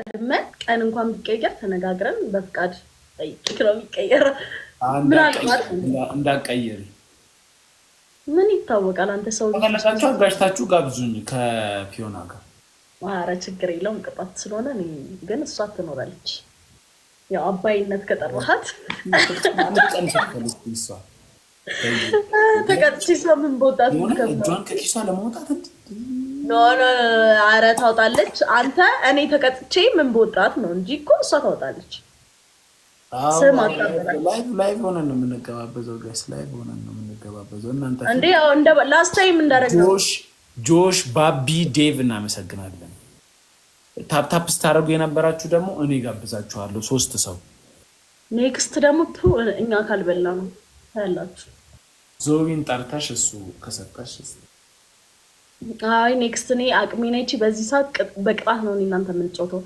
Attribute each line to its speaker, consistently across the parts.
Speaker 1: ቀድመ ቀን እንኳን ቢቀየር ተነጋግረን በፍቃድ ጠይቅ ነው የሚቀየረው።
Speaker 2: እንዳቀይር
Speaker 1: ምን ይታወቃል። አንተ ሰው
Speaker 2: ተመለሳችሁ አጋጅታችሁ ጋብዙኝ ከፊዮና ጋር።
Speaker 1: ኧረ ችግር የለውም ቅጣት ስለሆነ ግን እሷ ትኖራለች። ያው አባይነት ከጠራሃት ተቀጥቼ እሷ ምን በወጣት
Speaker 2: እጇን ከኪሷ ለማውጣት
Speaker 1: ኖ ኖ አረ ታውጣለች። አንተ እኔ ተቀጥቼ ምን በወጣት ነው እንጂ እኮ እሷ ታውጣለች።
Speaker 2: ላይቭ ሆነን ነው የምንገባበዘው። ጋይስ ላይቭ ሆነን ነው የምንገባበዘው።
Speaker 1: እናንተ እንዴ እንደ ላስት ታይም
Speaker 2: ጆሽ፣ ባቢ፣ ዴቭ እናመሰግናለን። ታፕታፕ ስታደርጉ የነበራችሁ ደግሞ እኔ ጋብዛችኋለሁ። ሶስት ሰው
Speaker 1: ኔክስት ደግሞ እኛ ካልበላ ነው ያላችሁ
Speaker 2: ዞቢን ጠርተሽ እሱ ከሰጠሽ
Speaker 1: አይ ኔክስት እኔ አቅሜ ነች። በዚህ ሰዓት በቅጣት ነው እናንተ የምንጫወተው።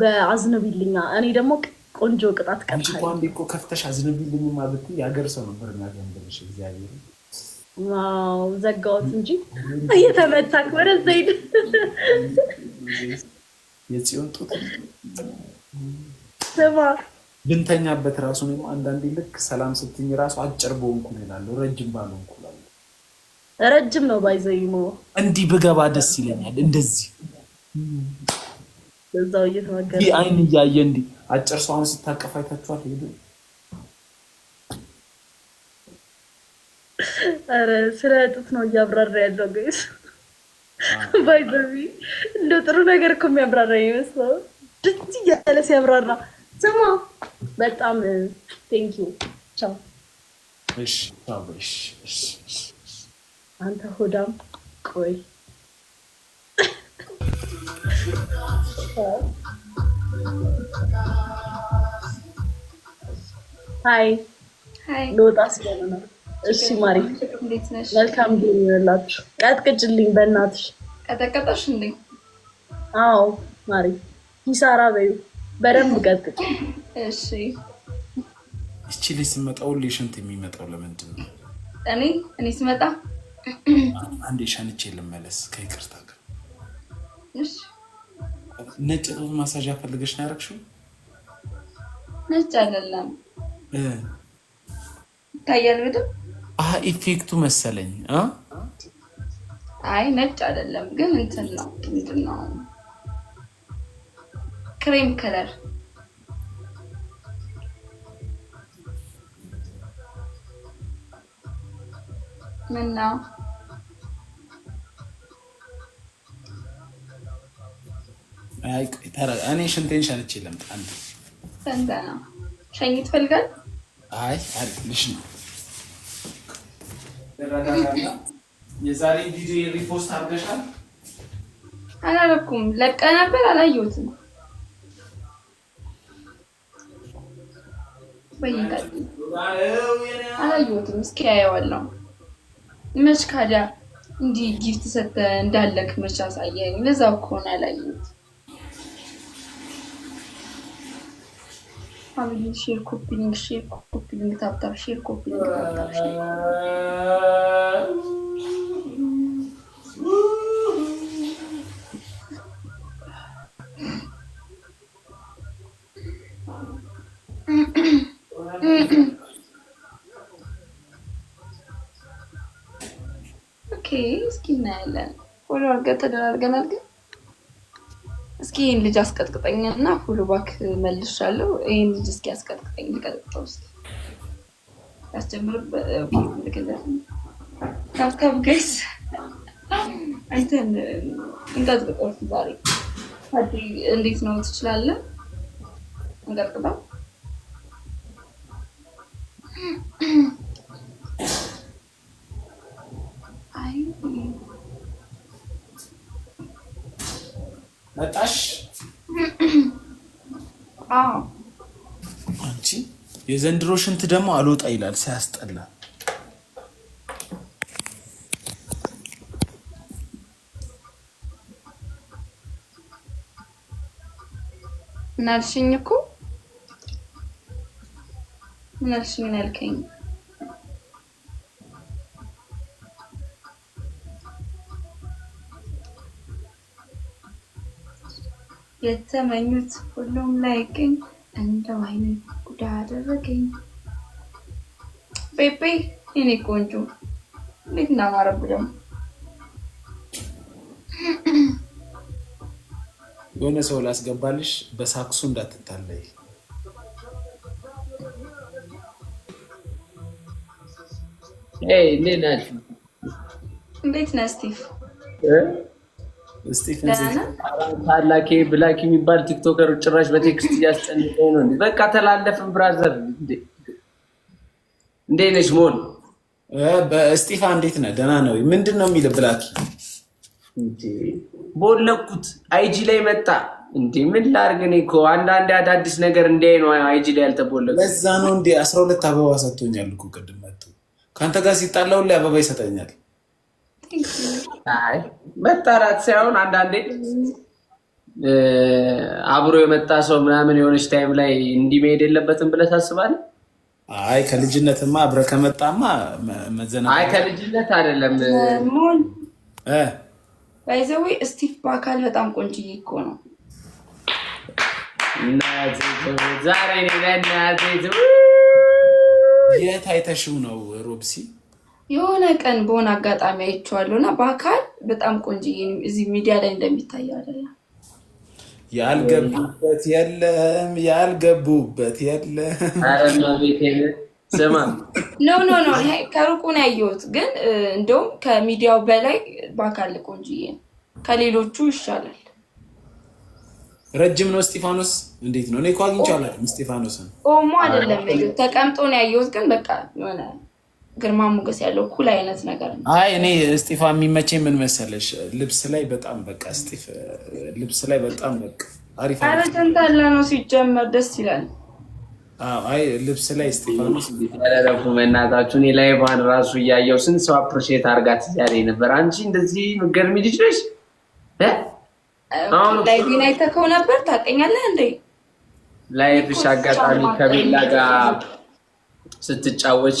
Speaker 1: በአዝንቢልኛ እኔ ደግሞ ቆንጆ ቅጣት
Speaker 2: ቀጣን ቢቆ ከፍተሽ አዝንቢልኝ ማለት የሀገር ሰው ነበር እናገንብልሽ እግዚአብሔር
Speaker 1: ዘጋዎት እንጂ እየተመታክ ወደዛ ዘይድ የጽዮን ጡት ስማ
Speaker 2: ብንተኛበት ራሱ አንዳንዴ ልክ ሰላም ስትኝ ራሱ አጭር በሆንኩ እላለሁ ረጅም ባልሆንኩ እላለሁ
Speaker 1: ረጅም ነው ባይዘይሞ
Speaker 2: እንዲህ ብገባ ደስ ይለኛል። እንደዚህ
Speaker 1: እዛው እየተመገረ
Speaker 2: አይን እያየ እንዲህ አጭር ሰውን ስታቀፍ አይታችኋል? ሄዱ
Speaker 1: ኧረ ስለ እጡት ነው እያብራራ ያለው ገይስ ባይዘቢ እንደ ጥሩ ነገር እኮ የሚያብራራ ይመስለው ድት እያለ ሲያብራራ ስማ፣ በጣም ቴንኪው ቻው።
Speaker 2: እሺ እሺ እሺ
Speaker 1: አንተ ሆዳም ቆይ ሀይ ሎጣ ስለሆነ ነው። እሺ ማሪ መልካም ጊዜ ይሆንላችሁ። ቀጥቅጭልኝ በእናትሽ ቀጠቀጠሽ እንዴ? አዎ ማሪ ኪሳራ በዩ በደንብ ቀጥቅጭ። እሺ
Speaker 2: እቺ ልጅ ስመጣ ሁሌ ሽንት የሚመጣው ለምንድን ነው?
Speaker 1: እኔ እኔ ስመጣ
Speaker 2: አንድ ሸንቼ ልመለስ ከይቅርታ ጋር። ነጭ ጡት ማሳጅ ያፈልገች ነው ያደረግሽው?
Speaker 1: ነጭ አይደለም ይታያል። ብድም
Speaker 2: ኢፌክቱ መሰለኝ።
Speaker 1: አይ ነጭ አይደለም ግን እንትን ነው ምንድን ነው ክሬም ከለር ምን ነው
Speaker 2: እኔ ሽንቴን ሸንቼ ልምጣ።
Speaker 1: እንደ ሸኝ ትፈልጋለህ?
Speaker 2: አይ አሪፍ ነው። የዛሬ ቪዲዮ ሪፖስት አድርገሻል?
Speaker 1: አላረኩም። ለቀ ነበር አላየሁትም። አላየሁትም። እስኪ ያየዋለሁ መች ካዲያ እንዲህ ጊፍት ሰጠ እንዳለክ መች አሳየኝ። ለዛው ከሆነ አላየሁት። አብይ ሼር ኮፒሊንግ ሼር ኮፒሊንግ ታብታብ ሼር ኮፒሊንግ ታብታብ ሼር Mm-mm. እናያለን። ሁሉ አድርገን ተደራርገናል። ግን እስኪ ይህን ልጅ አስቀጥቅጠኝ እና ሁሉ ባክ መልሻለሁ። ይህን ልጅ እስኪ አስቀጥቅጠኝ፣ ልቀጥቅጠው እስኪ ያስጀምርበት ገስ አይተን እንቀጥቅጠው ዛሬ። እንዴት ነው ትችላለን? እንቀጥቅጠው መጣሽ? አዎ።
Speaker 2: አንቺ የዘንድሮ ሽንት ደግሞ አልወጣ ይላል ሲያስጠላ።
Speaker 1: ምናልሽኝ እኮ ምናልሽኝ ያልከኝ የተመኙት ሁሉም ላይ ግን እንደው አይኔን ጉዳ አደረገኝ። ቤቤ የኔ ቆንጆ እንዴት እናማረብ ደግሞ
Speaker 2: የሆነ ሰው ላስገባልሽ፣ በሳክሱ እንዳትታለይ።
Speaker 1: እንዴት ነህ ስቲቭ?
Speaker 2: ታላኬ ብላክ የሚባል ቲክቶከር ጭራሽ በቴክስት እያስጨንቀኝ ነው። በቃ ተላለፍን። ብራዘር እንዴ ነች መሆን በእስጢፋ እንዴት ነህ? ደህና ነው። ምንድን ነው የሚል ብላኪ ቦለኩት አይጂ ላይ መጣ። እንዲ ምን ላድርግ? እኔ እኮ አንዳንዴ አዳዲስ ነገር እንዲ ነው አይጂ ላይ ያልተቦለኩ ለዛ ነው እንዲ አስራ ሁለት አበባ ሰጥቶኛል እኮ ቅድም መጥቶ ከአንተ ጋር ሲጣላውን ላይ አበባ ይሰጠኛል አይ መጣላት ሳይሆን አንዳንዴ አብሮ የመጣ ሰው ምናምን የሆነች ታይም ላይ እንዲህ መሄድ የለበትም ብለህ ታስባለህ? አይ ከልጅነትማ አብረህ ከመጣማ መዘና። አይ ከልጅነት አይደለም
Speaker 1: ሞን ባይዘዌ ስቲቭ በአካል በጣም ቆንጅዬ እኮ ነው።
Speaker 2: ዛሬ ለእናቴ የት አይተሽው ነው ሮብሲ?
Speaker 1: የሆነ ቀን በሆነ አጋጣሚ አይቼዋለሁ እና በአካል በጣም ቆንጅዬ እዚህ ሚዲያ ላይ እንደሚታየው አይደለም።
Speaker 2: ያልገቡበት የለም፣ ያልገቡበት የለም።
Speaker 1: ኖ ኖ ኖ ከሩቁ ነው ያየሁት፣ ግን እንደውም ከሚዲያው በላይ በአካል ቆንጅዬ ነው። ከሌሎቹ ይሻላል።
Speaker 2: ረጅም ነው እስጢፋኖስ። እንዴት ነው? እኔ እኮ አግኝቼዋለሁ እስጢፋኖስን።
Speaker 1: ቆሞ አይደለም ተቀምጦ ነው ያየሁት፣ ግን በቃ ይሆናል ግርማ ሞገስ ያለው ኩል አይነት ነገር ነው።
Speaker 2: አይ እኔ እስጢፋ የሚመቼ ምን መሰለሽ? ልብስ ላይ በጣም በቃ እስጢፍ ልብስ ላይ በጣም በቃ
Speaker 1: አሪፍ አረተንታላ ነው ሲጀመር ደስ ይላል።
Speaker 2: አይ ልብስ ላይ ስቲፋኖስረፉ መናታችሁን የላይቫን ራሱ እያየው ስንት ሰው አፕሪሼት አርጋት እያለ ነበር። አንቺ እንደዚህ ምገርሚ ልጅ ነሽ።
Speaker 1: ላይቪን አይተከው ነበር ታቀኛለህ እንዴ?
Speaker 2: ላይቭሽ አጋጣሚ ከቤላ ጋር ስትጫወቺ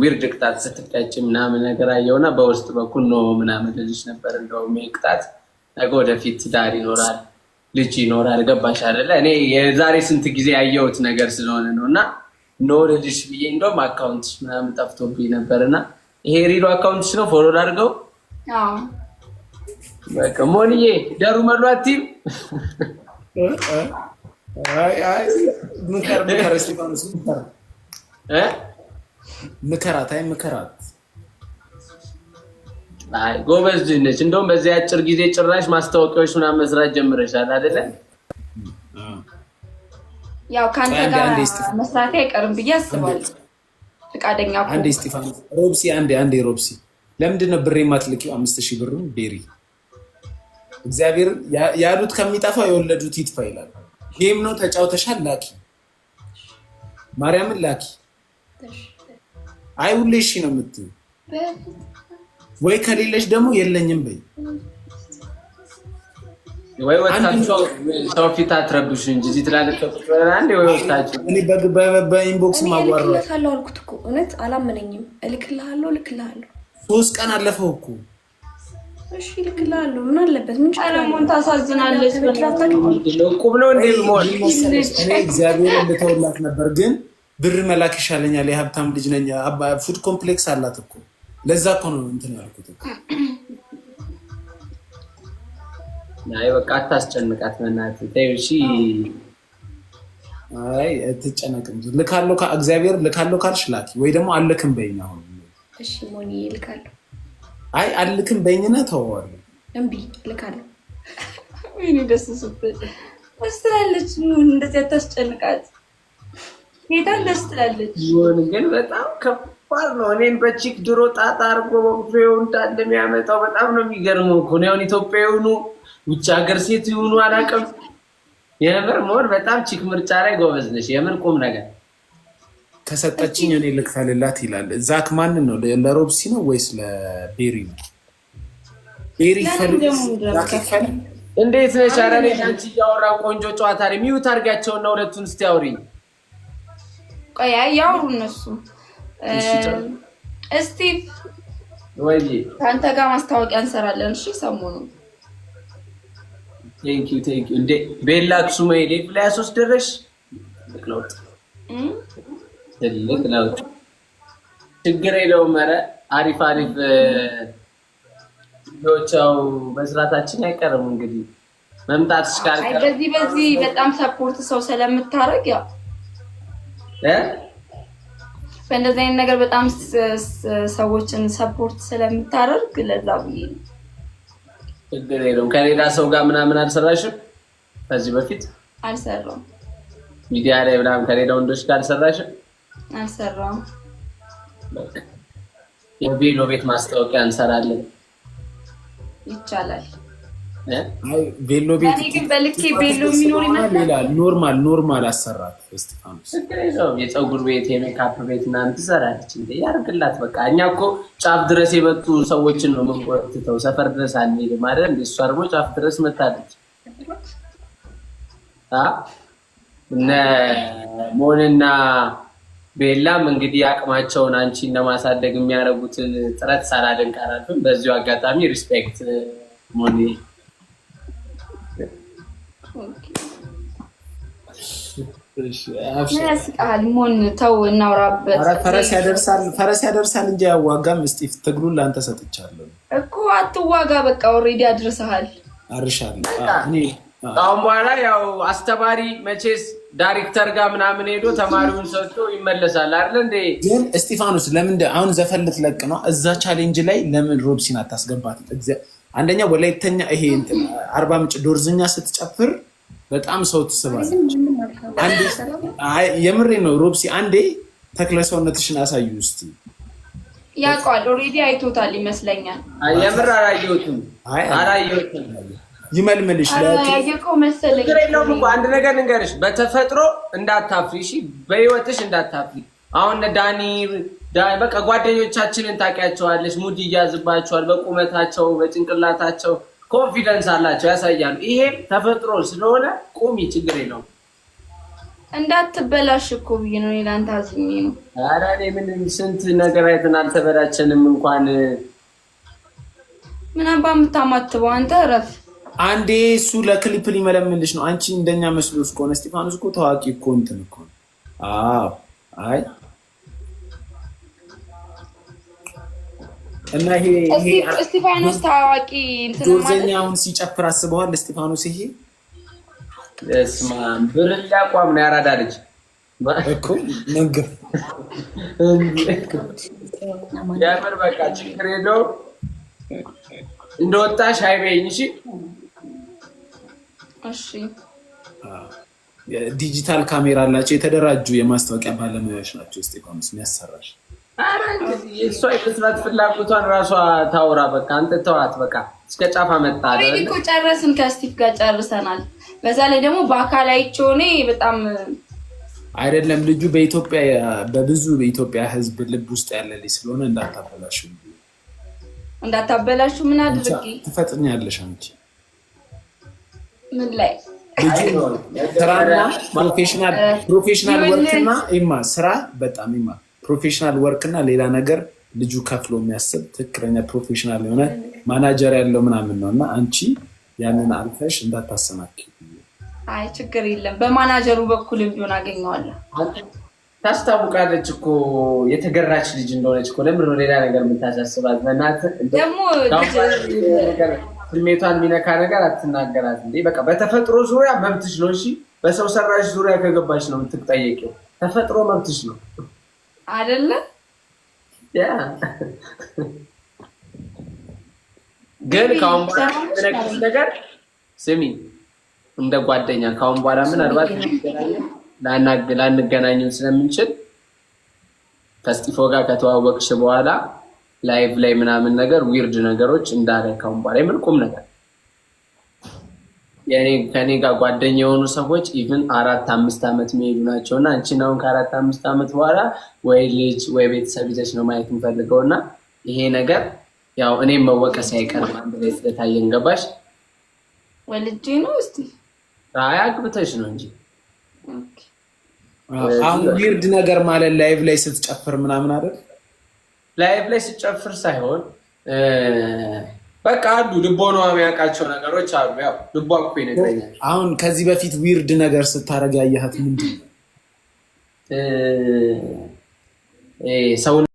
Speaker 2: ዊርድ ቅጣት ስትቀጭ ምናምን ነገር አየውና በውስጥ በኩል ኖ ምናምን ልጅ ነበር እንደውም ቅጣት ነገ ወደፊት ትዳር ይኖራል ልጅ ይኖራል። ገባሽ አይደለ? እኔ የዛሬ ስንት ጊዜ ያየሁት ነገር ስለሆነ ነው። እና ኖ ልጅ ብዬ እንደውም አካውንት ምናምን ጠፍቶብኝ ነበር እና ይሄ ሪሉ አካውንት ነው ፎሎ ላድርገው። በቃ ሞንዬ ደሩ መሏቲም ምከር ምከር እስቲ ምከራት፣ አይ ምከራት። አይ ጎበዝ ልጅ ነች። እንደውም በዚህ አጭር ጊዜ ጭራሽ ማስታወቂያዎች ምናምን መስራት ጀምረሻል አይደለ?
Speaker 1: ያው ከአንተ ጋር መስራት አይቀርም ብዬ አስባለሁ። ፈቃደኛ
Speaker 2: አንዴ እስጢፋኖስ ሮብሲ፣ አንዴ አንዴ ሮብሲ፣ ለምንድን ነው ብሬ የማትልቂው? አምስት ሺህ ብርም ቤሪ እግዚአብሔር ያሉት ከሚጠፋ የወለዱት ይጥፋ ይላል። ይህም ነው ተጫውተሻል። ላኪ ማርያምን ላኪ አይ ሁሌ እሺ ነው የምትይው ወይ ከሌለሽ ደግሞ የለኝም በይ። ወይ ወታቸው ሰው ፊት አትረብሽ እንጂ እዚህ ትላለች። በኢንቦክስ ማዋራለሁ
Speaker 1: አልኩት እኮ እውነት አላመነኝም። እልክልሃለሁ እልክልሃለሁ።
Speaker 2: ሶስት ቀን አለፈው እኮ
Speaker 1: እሺ እልክልሃለሁ። ምን አለበት? ምን ታሳዝናለች። ነው
Speaker 2: እንዴ? እግዚአብሔር እንደተወላት ነበር ግን ብር መላክ ይሻለኛል፣ የሀብታም ልጅ ነኝ። ፉድ ኮምፕሌክስ አላት እኮ ለዛ እኮ ነው እንትን ያልኩት። አይ በቃ አታስጨንቃት፣ በእናትህ ተይው። እሺ አይ አትጨነቅም። ልካለሁ እግዚአብሔር ልካለሁ ካልሽ ላኪ፣ ወይ ደግሞ አልክም በይኝ። አሁን
Speaker 1: እሺ ሞኒ ልካለሁ።
Speaker 2: አይ አልክም በይኝና ተወዋለሁ።
Speaker 1: እምቢ ልካለሁ። ወይኔ ደስ ስትል ደስ እንደዚህ አታስጨንቃት ሄዳን ደስ ትላለች።
Speaker 2: ይሁን ግን በጣም ከባድ ነው። እኔን በቺክ ድሮ ጣጣ አርጎ ፍሬው እንዳለ የሚያመጣው በጣም ነው የሚገርመው እኮ ነው። አሁን ኢትዮጵያ የሆኑ ውጭ ሀገር ሴት ይሁኑ አላውቅም። የምር መሆን በጣም ቺክ ምርጫ ላይ ጎበዝ ነሽ። የምር ቁም ነገር ከሰጠችኝ እኔ ልክፈልላት ይላል። ዛክ ማንን ነው ለሮብሲ ነው ወይስ ለቤሪ ነው? ቤሪ እንዴት ነሽ? ኧረ እኔ አንቺ እያወራሁ ቆንጆ ጨዋታ ሚዩት አድርጋቸውና ሁለቱን እስቲ አውሪኝ
Speaker 1: ቆይ ያውሩ እነሱ። እስቲቭ ከአንተ ጋር ማስታወቂያ እንሰራለን። እሺ ሰሞኑን
Speaker 2: ቴንኪው ቴንኪው። እንዴ ቤላ ክሱማ ሌቭ ላይ ያስወስደረሽ ትልቅ ለውጥ ትልቅ ለውጥ። ችግር የለውም። ኧረ አሪፍ አሪፍ ሎቻው መስራታችን አይቀርም እንግዲህ መምጣት እስካልቀረ
Speaker 1: በዚህ በዚህ በጣም ሰፖርት ሰው ስለምታረግ ያው በእንደዚህ አይነት ነገር በጣም ሰዎችን ሰፖርት ስለምታደርግ ለዛ ብዬ ነው።
Speaker 2: ችግር የለውም። ከሌላ ሰው ጋር ምናምን አልሰራሽም? ከዚህ በፊት አልሰራም። ሚዲያ ላይ ምናምን ከሌላ ወንዶች ጋር አልሰራሽም? አልሰራውም የቬሎ ቤት ማስታወቂያ እንሰራለን። ይቻላል ቤሎ ቤት
Speaker 1: ግን በልኬ ቤሎ የሚኖር
Speaker 2: ይመስላል። ኖርማል ኖርማል አሰራት እስጢፋኖስ የፀጉር ቤት የሜካፕ ቤት ምናምን ትሰራለች እንደ ያርግላት። በቃ እኛ እኮ ጫፍ ድረስ የመጡ ሰዎችን ነው የምንቆጥተው። ሰፈር ድረስ አንሄድ አይደል? እንደ እሷ ደግሞ ጫፍ ድረስ መታለች። እነ ሞንና ቤላም እንግዲህ አቅማቸውን አንቺን ለማሳደግ የሚያደርጉትን ጥረት ሳላደንቅ አላልፍም። በዚሁ አጋጣሚ ሪስፔክት ሞኔ
Speaker 1: ያስቃል። ሞን ተው እናውራበት።
Speaker 2: ፈረስ ያደርሳል ፈረስ ያደርሳል እንጂ አያዋጋም። እስቲ ትግሉን ለአንተ ሰጥቻለሁ
Speaker 1: እኮ አትዋጋ። በቃ ኦልሬዲ አድርሰሃል።
Speaker 2: አርሻለሁ አሁን በኋላ ያው አስተማሪ መቼስ ዳይሬክተር ጋር ምናምን ሄዶ ተማሪውን ሰጥቶ ይመለሳል አለ እንዴ? ግን እስጢፋኖስ ለምን አሁን ዘፈን ልትለቅ ነው? እዛ ቻሌንጅ ላይ ለምን ሮብሲን አታስገባት? አንደኛ ወላይተኛ ይሄ አርባ ምንጭ ዶርዝኛ ስትጨፍር በጣም ሰው ትስባለች። የምሬ ነው ሮብሲ፣ አንዴ ተክለ ሰውነትሽን አሳዩ ውስጥ
Speaker 1: ያውቀዋል። ኦልሬዲ አይቶታል ይመስለኛል።
Speaker 2: የምር አላየሁትም አላየሁትም። ይመልምልሽ
Speaker 1: መሰለኝ።
Speaker 2: አንድ ነገር ንገርሽ፣ በተፈጥሮ እንዳታፍሪ፣ በህይወትሽ እንዳታፍሪ። አሁን ዳኒ በቃ ጓደኞቻችንን ታውቂያቸዋለች። ሙድ ይያዝባቸዋል። በቁመታቸው፣ በጭንቅላታቸው ኮንፊደንስ አላቸው ያሳያሉ። ይሄ ተፈጥሮ ስለሆነ ቁሚ፣ ችግር የለውም።
Speaker 1: እንዳትበላሽ እኮ ብዬ ነው ላንተ አዝኜ ነው።
Speaker 2: ኧረ እኔ ምን ስንት ነገር አይተን አልተበላችንም። እንኳን
Speaker 1: ምን አባ የምታማትበው አንተ እረፍ።
Speaker 2: አንዴ እሱ ለክሊፕ ሊመለምልሽ ነው። አንቺ እንደኛ መስሎ እስከሆነ እስጢፋኖስ እኮ ታዋቂ እኮ እንትን እኮ አይ እና ይሄ
Speaker 1: እስጢፋኖስ ታዋቂ
Speaker 2: ጆርዘኛ ሲጨፍር አስበዋል። እስጢፋኖስ ይሄ ብርላ አቋም ነው ያራዳ ልጅ እኮ ነገር ያምር። በቃ ችግር የለውም። እንደወጣሽ አይበይኝ። እሺ፣ እሺ። ዲጂታል ካሜራ አላቸው የተደራጁ የማስታወቂያ ባለሙያዎች ናቸው። እስጢፋኖስ የሚያሰራሽ እሷ የመስራት ፍላጎቷን ራሷ ታውራ። በቃ አንተ ተዋት። በቃ እስከ ጫፍ መጣ
Speaker 1: እኮ ጨረስን። ከስቲፍ ጋር ጨርሰናል። በዛ ላይ ደግሞ በአካል አይቼው በጣም
Speaker 2: አይደለም ልጁ በኢትዮጵያ በብዙ በኢትዮጵያ ሕዝብ ልብ ውስጥ ያለ ልጅ ስለሆነ እንዳታበላሹ
Speaker 1: እንዳታበላሹ። ምን አድርጌ
Speaker 2: ትፈጥኛለሽ አንቺ? ምን ላይ ስራና ፕሮፌሽናል ወርክና ማ ስራ በጣም ይማ ፕሮፌሽናል ወርክ እና ሌላ ነገር ልጁ ከፍሎ የሚያስብ ትክክለኛ ፕሮፌሽናል የሆነ ማናጀር ያለው ምናምን ነው እና አንቺ ያንን አልፈሽ እንዳታሰናክ።
Speaker 1: አይ ችግር የለም በማናጀሩ በኩል ቢሆን አገኘዋለሁ።
Speaker 2: ታስታውቃለች እኮ የተገራች ልጅ እንደሆነች እኮ። ለምንድን ነው ሌላ ነገር የምታሳስባት? ደግሞ ስሜቷን የሚነካ ነገር አትናገራት እንዴ። በቃ በተፈጥሮ ዙሪያ መብትሽ ነው። እሺ፣ በሰው ሰራሽ ዙሪያ ከገባች ነው የምትጠየቂው። ተፈጥሮ መብትሽ ነው። አይደለ? ግን ከአሁን በኋላ ነገር ስሚ፣ እንደ ጓደኛ ከአሁን በኋላ ምናልባት ላንገናኝም ስለምንችል ከስጢፎ ጋር ከተዋወቅሽ በኋላ ላይቭ ላይ ምናምን ነገር ዊርድ ነገሮች እንዳለ ከአሁን በኋላ የምን ቁም ነገር ከኔ ጋር ጓደኛ የሆኑ ሰዎች ኢቭን አራት አምስት ዓመት የሚሄዱ ናቸው እና አንቺን አሁን ከአራት አምስት ዓመት በኋላ ወይ ልጅ ወይ ቤተሰብ ይዘሽ ነው ማየት የምፈልገው እና ይሄ ነገር ያው እኔም መወቀስ አይቀርም። አንድ ላይ ስለታየን ገባሽ።
Speaker 1: ወልጄ ነው እስቲ
Speaker 2: አይ አግብተሽ ነው እንጂ አሁን ዊርድ ነገር ማለት ላይቭ ላይ ስትጨፍር ምናምን አይደል? ላይቭ ላይ ስትጨፍር ሳይሆን በቃ አሉ ልቦና የሚያውቃቸው ነገሮች አሉ። ያው ልቧ እኮ ይነግረኛል። አሁን ከዚህ በፊት ዊርድ ነገር ስታደርግ ያየሃት ምንድን ነው?